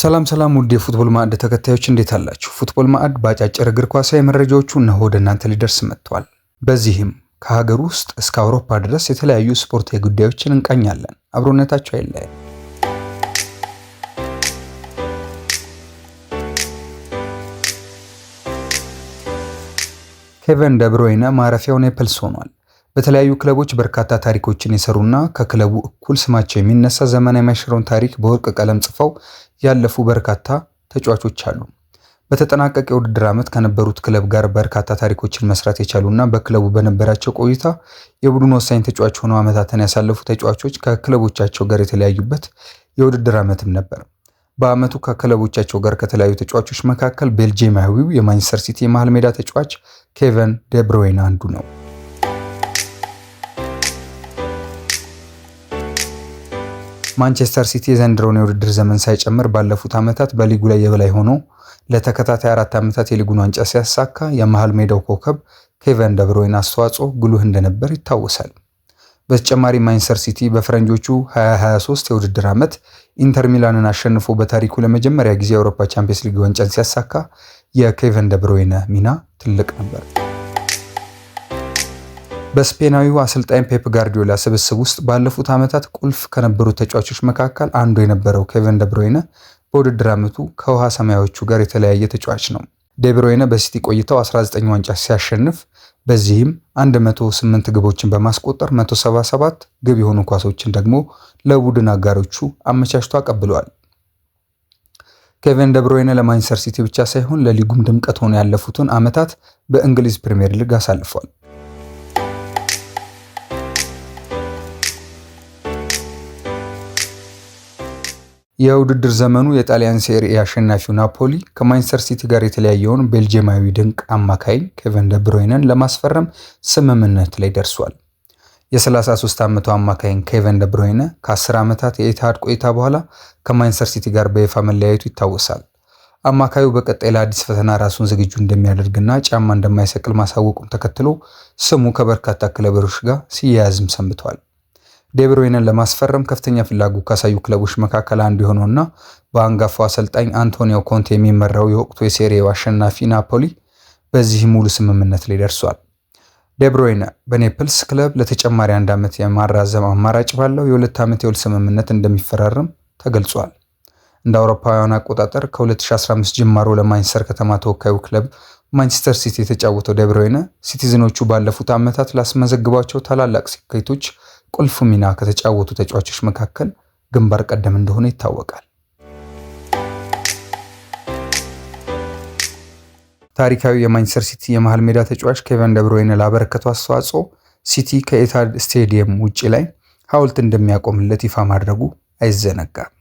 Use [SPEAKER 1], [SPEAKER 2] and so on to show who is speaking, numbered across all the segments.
[SPEAKER 1] ሰላም ሰላም ውድ የፉትቦል ማዕድ ተከታዮች እንዴት አላችሁ? ፉትቦል ማዕድ በአጫጭር እግር ኳሳዊ መረጃዎቹ እነሆ ወደ እናንተ ሊደርስ መጥቷል። በዚህም ከሀገር ውስጥ እስከ አውሮፓ ድረስ የተለያዩ ስፖርታዊ ጉዳዮችን እንቃኛለን። አብሮነታቸው አይለያል። ኬቨን ደብሮይነ ማረፊያው ኔፕልስ ሆኗል። በተለያዩ ክለቦች በርካታ ታሪኮችን የሰሩና ከክለቡ እኩል ስማቸው የሚነሳ ዘመን የማይሽረውን ታሪክ በወርቅ ቀለም ጽፈው ያለፉ በርካታ ተጫዋቾች አሉ። በተጠናቀቀ የውድድር ዓመት ከነበሩት ክለብ ጋር በርካታ ታሪኮችን መስራት የቻሉ እና በክለቡ በነበራቸው ቆይታ የቡድን ወሳኝ ተጫዋች ሆነው ዓመታትን ያሳለፉ ተጫዋቾች ከክለቦቻቸው ጋር የተለያዩበት የውድድር ዓመትም ነበር። በዓመቱ ከክለቦቻቸው ጋር ከተለያዩ ተጫዋቾች መካከል ቤልጅየማዊው የማንቸስተር ሲቲ የመሃል ሜዳ ተጫዋች ኬቨን ደብሮይን አንዱ ነው። ማንቸስተር ሲቲ የዘንድሮውን የውድድር ዘመን ሳይጨምር ባለፉት ዓመታት በሊጉ ላይ የበላይ ሆኖ ለተከታታይ አራት ዓመታት የሊጉን ዋንጫ ሲያሳካ የመሃል ሜዳው ኮከብ ኬቨን ደብሮይን አስተዋጽኦ ጉልህ እንደነበር ይታወሳል። በተጨማሪ ማንቸስተር ሲቲ በፈረንጆቹ 2023 የውድድር ዓመት ኢንተር ሚላንን አሸንፎ በታሪኩ ለመጀመሪያ ጊዜ የአውሮፓ ቻምፒየንስ ሊግ ዋንጫን ሲያሳካ የኬቨን ደብሮይነ ሚና ትልቅ ነበር። በስፔናዊው አሰልጣኝ ፔፕ ጋርዲዮላ ስብስብ ውስጥ ባለፉት ዓመታት ቁልፍ ከነበሩ ተጫዋቾች መካከል አንዱ የነበረው ኬቨን ደብሮይነ በውድድር ዓመቱ ከውሃ ሰማያዎቹ ጋር የተለያየ ተጫዋች ነው። ደብሮይነ በሲቲ ቆይታው 19 ዋንጫ ሲያሸንፍ በዚህም 108 ግቦችን በማስቆጠር 177 ግብ የሆኑ ኳሶችን ደግሞ ለቡድን አጋሮቹ አመቻችቶ አቀብለዋል። ኬቨን ደብሮይነ ለማንቸስተር ሲቲ ብቻ ሳይሆን ለሊጉም ድምቀት ሆኖ ያለፉትን ዓመታት በእንግሊዝ ፕሪምየር ሊግ አሳልፏል። የውድድር ዘመኑ የጣሊያን ሴሪ አሸናፊው ናፖሊ ከማንቸስተር ሲቲ ጋር የተለያየውን ቤልጅየማዊ ድንቅ አማካይ ኬቨን ደብሮይነን ለማስፈረም ስምምነት ላይ ደርሷል። የ33 ዓመቱ አማካይን ኬቨን ደብሮይነ ከ10 ዓመታት የኢትሃድ ቆይታ በኋላ ከማንቸስተር ሲቲ ጋር በይፋ መለያየቱ ይታወሳል። አማካዩ በቀጣይ ለአዲስ ፈተና ራሱን ዝግጁ እንደሚያደርግና ጫማ እንደማይሰቅል ማሳወቁን ተከትሎ ስሙ ከበርካታ ክለበሮች ጋር ሲያያዝም ሰንብቷል። ዴብሮይንን ለማስፈረም ከፍተኛ ፍላጎት ካሳዩ ክለቦች መካከል አንዱ የሆነውና በአንጋፋው አሰልጣኝ አንቶኒዮ ኮንቴ የሚመራው የወቅቱ የሴሪያው አሸናፊ ናፖሊ በዚህ ሙሉ ስምምነት ላይ ደርሷል። ዴብሮይነ በኔፕልስ ክለብ ለተጨማሪ አንድ ዓመት የማራዘም አማራጭ ባለው የሁለት ዓመት የውል ስምምነት እንደሚፈራረም ተገልጿል። እንደ አውሮፓውያን አቆጣጠር ከ2015 ጅማሮ ለማንቸስተር ከተማ ተወካዩ ክለብ ማንቸስተር ሲቲ የተጫወተው ዴብሮይነ ሲቲዝኖቹ ባለፉት ዓመታት ላስመዘግባቸው ታላላቅ ስኬቶች ቁልፍ ሚና ከተጫወቱ ተጫዋቾች መካከል ግንባር ቀደም እንደሆነ ይታወቃል። ታሪካዊ የማንቸስተር ሲቲ የመሃል ሜዳ ተጫዋች ኬቨን ደብሮይን ላበረከቱ አስተዋጽኦ ሲቲ ከኤታድ ስቴዲየም ውጭ ላይ ሐውልት እንደሚያቆምለት ይፋ ማድረጉ አይዘነጋም።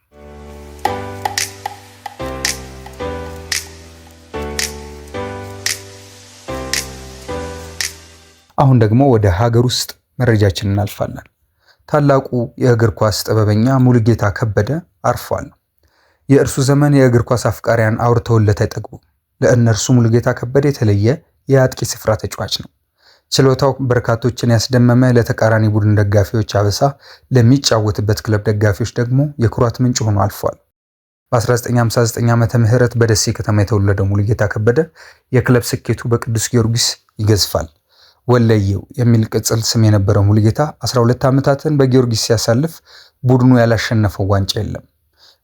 [SPEAKER 1] አሁን ደግሞ ወደ ሀገር ውስጥ መረጃችን እናልፋለን። ታላቁ የእግር ኳስ ጥበበኛ ሙሉጌታ ከበደ አርፏል። የእርሱ ዘመን የእግር ኳስ አፍቃሪያን አውርተውለት አይጠግቡም። ለእነርሱ ሙሉጌታ ከበደ የተለየ የአጥቂ ስፍራ ተጫዋች ነው። ችሎታው በርካቶችን ያስደመመ፣ ለተቃራኒ ቡድን ደጋፊዎች አበሳ፣ ለሚጫወትበት ክለብ ደጋፊዎች ደግሞ የኩራት ምንጭ ሆኖ አልፏል። በ1959 ዓመተ ምህረት በደሴ ከተማ የተወለደው ሙሉጌታ ከበደ የክለብ ስኬቱ በቅዱስ ጊዮርጊስ ይገዝፋል። ወለየው የሚል ቅጽል ስም የነበረው ሙሉጌታ 12 ዓመታትን በጊዮርጊስ ሲያሳልፍ ቡድኑ ያላሸነፈው ዋንጫ የለም።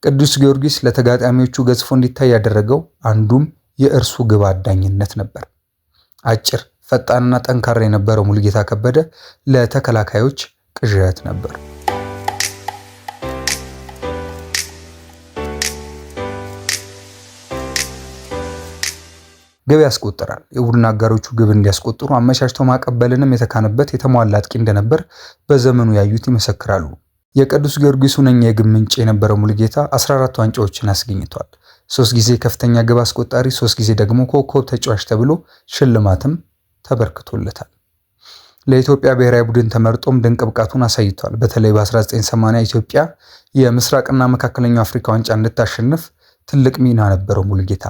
[SPEAKER 1] ቅዱስ ጊዮርጊስ ለተጋጣሚዎቹ ገዝፎ እንዲታይ ያደረገው አንዱም የእርሱ ግብ አዳኝነት ነበር። አጭር፣ ፈጣንና ጠንካራ የነበረው ሙሉጌታ ከበደ ለተከላካዮች ቅዠት ነበር። ግብ ያስቆጥራል። የቡድን አጋሮቹ ግብ እንዲያስቆጥሩ አመቻችቶ ማቀበልንም የተካነበት የተሟላ አጥቂ እንደነበር በዘመኑ ያዩት ይመሰክራሉ። የቅዱስ ጊዮርጊስ ሁነኛ የግብ ምንጭ የነበረው ሙልጌታ 14 ዋንጫዎችን አስገኝቷል። ሶስት ጊዜ ከፍተኛ ግብ አስቆጣሪ፣ ሶስት ጊዜ ደግሞ ኮከብ ተጫዋች ተብሎ ሽልማትም ተበርክቶለታል። ለኢትዮጵያ ብሔራዊ ቡድን ተመርጦም ድንቅ ብቃቱን አሳይቷል። በተለይ በ1980 ኢትዮጵያ የምስራቅና መካከለኛው አፍሪካ ዋንጫ እንድታሸንፍ ትልቅ ሚና ነበረው ሙልጌታ።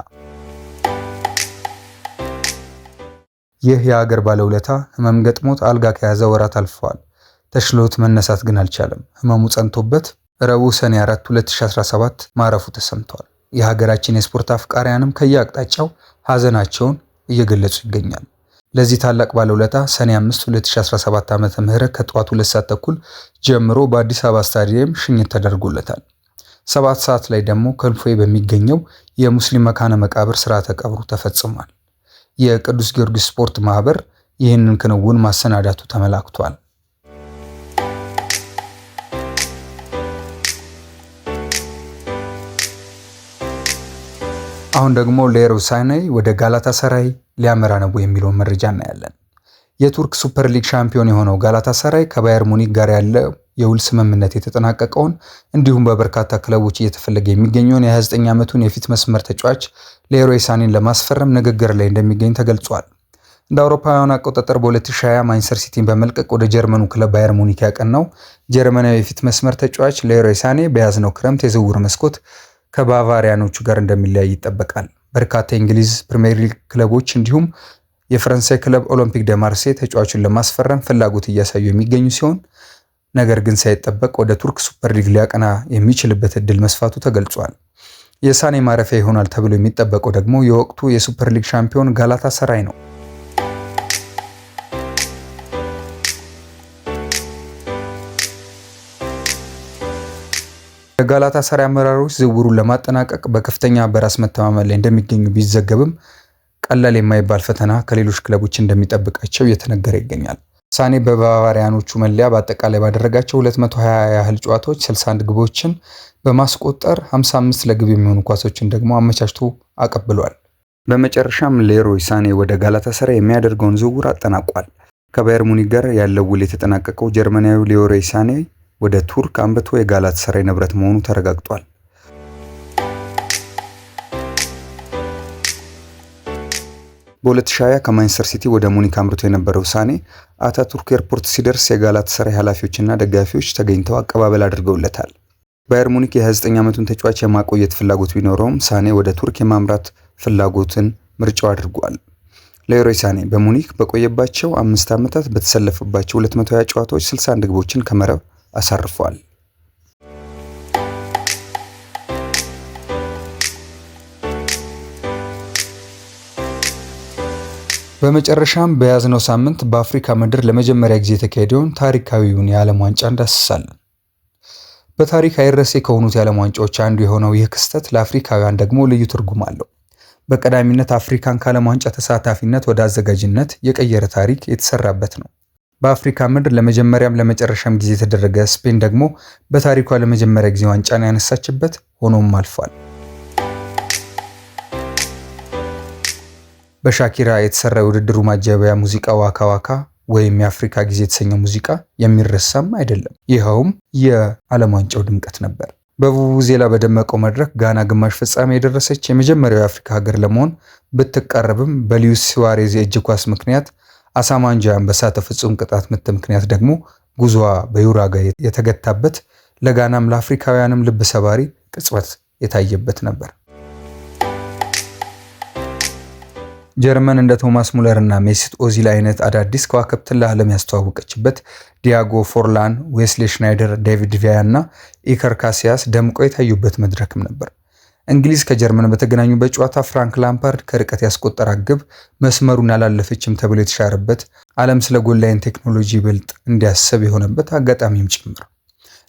[SPEAKER 1] ይህ የአገር ባለውለታ ህመም ገጥሞት አልጋ ከያዘ ወራት አልፈዋል። ተሽሎት መነሳት ግን አልቻለም። ህመሙ ጸንቶበት ረቡዕ ሰኔ 4 2017 ማረፉ ተሰምቷል። የሀገራችን የስፖርት አፍቃሪያንም ከየአቅጣጫው ሀዘናቸውን እየገለጹ ይገኛል። ለዚህ ታላቅ ባለውለታ ሰኔ 5 2017 ዓ ምህረት ከጠዋቱ ሁለት ሰዓት ተኩል ጀምሮ በአዲስ አበባ ስታዲየም ሽኝት ተደርጎለታል። ሰባት ሰዓት ላይ ደግሞ ከንፎይ በሚገኘው የሙስሊም መካነ መቃብር ስርዓተ ቀብሩ ተፈጽሟል። የቅዱስ ጊዮርጊስ ስፖርት ማህበር ይህንን ክንውን ማሰናዳቱ ተመላክቷል። አሁን ደግሞ ለኤሮሳይናይ ወደ ጋላታ ሰራይ ሊያመራ ነው የሚለውን መረጃ እናያለን። የቱርክ ሱፐር ሊግ ሻምፒዮን የሆነው ጋላታ ሰራይ ከባየር ሙኒክ ጋር ያለ የውል ስምምነት የተጠናቀቀውን እንዲሁም በበርካታ ክለቦች እየተፈለገ የሚገኘውን የ29 ዓመቱን የፊት መስመር ተጫዋች ሌሮይ ሳኔን ለማስፈረም ንግግር ላይ እንደሚገኝ ተገልጿል። እንደ አውሮፓውያን አቆጣጠር በ2020 ማንቸስተር ሲቲን በመልቀቅ ወደ ጀርመኑ ክለብ ባየር ሙኒክ ያቀናው ጀርመናዊ የፊት መስመር ተጫዋች ሌሮይ ሳኔ በያዝነው ክረምት የዝውውር መስኮት ከባቫሪያኖቹ ጋር እንደሚለያይ ይጠበቃል። በርካታ የእንግሊዝ ፕሪምየር ሊግ ክለቦች እንዲሁም የፈረንሳይ ክለብ ኦሎምፒክ ደ ማርሴ ተጫዋቹን ለማስፈረም ፍላጎት እያሳዩ የሚገኙ ሲሆን ነገር ግን ሳይጠበቅ ወደ ቱርክ ሱፐር ሊግ ሊያቀና የሚችልበት እድል መስፋቱ ተገልጿል። የሳኔ ማረፊያ ይሆናል ተብሎ የሚጠበቀው ደግሞ የወቅቱ የሱፐር ሊግ ሻምፒዮን ጋላታ ሰራይ ነው። የጋላታ ሰራይ አመራሮች ዝውውሩን ለማጠናቀቅ በከፍተኛ በራስ መተማመን ላይ እንደሚገኙ ቢዘገብም ቀላል የማይባል ፈተና ከሌሎች ክለቦች እንደሚጠብቃቸው እየተነገረ ይገኛል። ሳኔ በባቫሪያኖቹ መለያ በአጠቃላይ ባደረጋቸው 220 ያህል ጨዋታዎች 61 ግቦችን በማስቆጠር 55 ለግብ የሚሆኑ ኳሶችን ደግሞ አመቻችቶ አቀብሏል። በመጨረሻም ሌሮይ ሳኔ ወደ ጋላታሳራይ የሚያደርገውን ዝውውር አጠናቋል። ከባየር ሙኒክ ጋር ያለው ውል የተጠናቀቀው ጀርመናዊው ሌሮይ ሳኔ ወደ ቱርክ አምርቶ የጋላታሳራይ ንብረት መሆኑ ተረጋግጧል። በ2020 ከማንቸስተር ሲቲ ወደ ሙኒክ አምርቶ የነበረው ሳኔ አታቱርክ ኤርፖርት ሲደርስ የጋላታሳራይ ኃላፊዎችና ደጋፊዎች ተገኝተው አቀባበል አድርገውለታል። ባየር ሙኒክ የ29 ዓመቱን ተጫዋች የማቆየት ፍላጎት ቢኖረውም ሳኔ ወደ ቱርክ የማምራት ፍላጎትን ምርጫው አድርጓል። ሌሮይ ሳኔ በሙኒክ በቆየባቸው አምስት ዓመታት በተሰለፈባቸው 220 ጨዋታዎች 61 ግቦችን ከመረብ አሳርፏል። በመጨረሻም በያዝነው ሳምንት በአፍሪካ ምድር ለመጀመሪያ ጊዜ የተካሄደውን ታሪካዊውን የዓለም ዋንጫ እንዳስሳለን። በታሪክ አይረሴ ከሆኑት የዓለም ዋንጫዎች አንዱ የሆነው ይህ ክስተት ለአፍሪካውያን ደግሞ ልዩ ትርጉም አለው። በቀዳሚነት አፍሪካን ከዓለም ዋንጫ ተሳታፊነት ወደ አዘጋጅነት የቀየረ ታሪክ የተሰራበት ነው። በአፍሪካ ምድር ለመጀመሪያም ለመጨረሻም ጊዜ የተደረገ ስፔን ደግሞ በታሪኳ ለመጀመሪያ ጊዜ ዋንጫን ያነሳችበት ሆኖም አልፏል። በሻኪራ የተሰራ የውድድሩ ማጀቢያ ሙዚቃ ዋካ ዋካ ወይም የአፍሪካ ጊዜ የተሰኘው ሙዚቃ የሚረሳም አይደለም። ይኸውም የዓለም ዋንጫው ድምቀት ነበር። በቡቡዜላ በደመቀው መድረክ ጋና ግማሽ ፍጻሜ የደረሰች የመጀመሪያው የአፍሪካ ሀገር ለመሆን ብትቀረብም በሊዩስ ሱዋሬዝ የእጅ ኳስ ምክንያት አሳማንጃ ያንበሳተው ፍጹም ቅጣት ምት ምክንያት ደግሞ ጉዞዋ በዩራጋ የተገታበት ለጋናም ለአፍሪካውያንም ልብ ሰባሪ ቅጽበት የታየበት ነበር። ጀርመን እንደ ቶማስ ሙለር እና ሜሲት ኦዚል አይነት አዳዲስ ከዋክብትን ለዓለም ያስተዋወቀችበት ዲያጎ ፎርላን፣ ዌስሌ ሽናይደር፣ ዴቪድ ቪያ እና ኢከር ካሲያስ ደምቆ የታዩበት መድረክም ነበር። እንግሊዝ ከጀርመን በተገናኙበት ጨዋታ ፍራንክ ላምፓርድ ከርቀት ያስቆጠራ ግብ መስመሩን አላለፈችም ተብሎ የተሻረበት ዓለም ስለ ጎላይን ቴክኖሎጂ ይበልጥ እንዲያስብ የሆነበት አጋጣሚም ጭምር።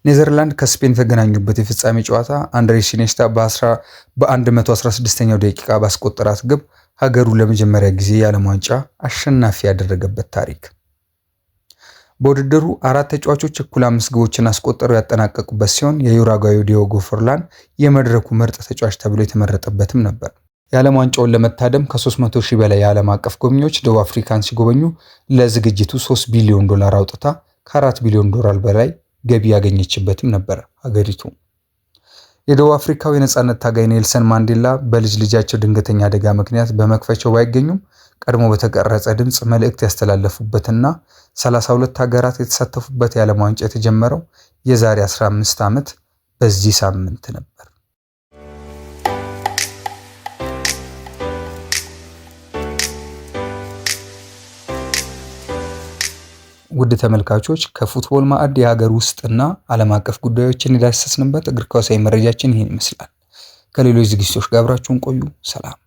[SPEAKER 1] ኔዘርላንድ ከስፔን የተገናኙበት የፍጻሜ ጨዋታ አንድሬ ሲኔስታ በ116ኛው ደቂቃ ባስቆጠራት ግብ ሀገሩ ለመጀመሪያ ጊዜ የዓለም ዋንጫ አሸናፊ ያደረገበት ታሪክ። በውድድሩ አራት ተጫዋቾች እኩል አምስት ግቦችን አስቆጠሩ ያጠናቀቁበት ሲሆን የዩራጓዩ ዲዮጎ ፎርላን የመድረኩ ምርጥ ተጫዋች ተብሎ የተመረጠበትም ነበር። የዓለም ዋንጫውን ለመታደም ከ300 ሺህ በላይ የዓለም አቀፍ ጎብኚዎች ደቡብ አፍሪካን ሲጎበኙ ለዝግጅቱ 3 ቢሊዮን ዶላር አውጥታ ከ4 ቢሊዮን ዶላር በላይ ገቢ ያገኘችበትም ነበር ሀገሪቱ። የደቡብ አፍሪካው የነጻነት ታጋይ ኔልሰን ማንዴላ በልጅ ልጃቸው ድንገተኛ አደጋ ምክንያት በመክፈቻው ባይገኙም ቀድሞ በተቀረጸ ድምፅ መልእክት ያስተላለፉበትና 32 ሀገራት የተሳተፉበት የዓለም ዋንጫ የተጀመረው የዛሬ 15 ዓመት በዚህ ሳምንት ነበር። ውድ ተመልካቾች ከፉትቦል ማዕድ የሀገር ውስጥና ዓለም አቀፍ ጉዳዮችን የዳሰስንበት እግር ኳሳዊ መረጃችን ይህን ይመስላል። ከሌሎች ዝግጅቶች ጋብራችሁን ቆዩ። ሰላም።